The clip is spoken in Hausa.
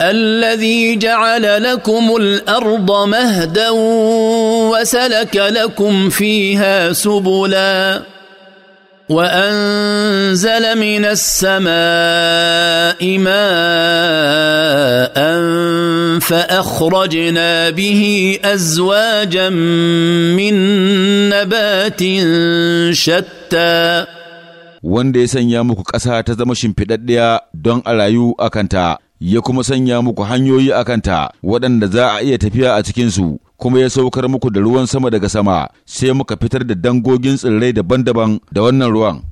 الذي جعل لكم الارض مهدا وسلك لكم فيها سبلا وانزل من السماء ماء فاخرجنا به ازواجا من نبات شتى wanda ya sanya muku ƙasa ta zama shimfiɗaɗɗiya don a rayu a kanta ya kuma sanya muku hanyoyi a kanta waɗanda za a iya tafiya a cikinsu kuma ya saukar muku da ruwan sama daga sama sai muka fitar da dangogin tsirrai daban-daban da wannan ruwan